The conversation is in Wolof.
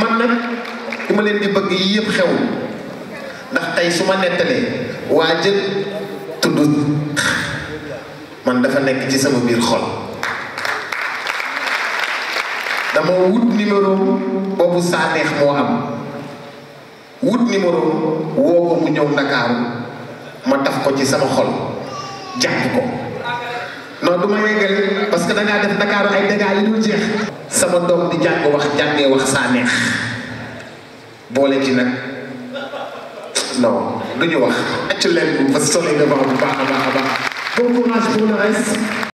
man nag li ma leen di bëgg yii yëpp xew ndax tey su ma nettalee waa jël tudd man dafa nekk ci sama biir xol dama wut numéro boobu saaneex moo am wut numéro woo ko mu ñëw ndakaaru ma taf ko ci sama xol jàpp ko non du ma yeggal parce dangaa def ndakaaru ay dégâts yi jeex sama doom di jàng wax jàngee wax saa neex boole ci nag non lu ñu wax accu leen bu fa soli devant bu baax a baax a baax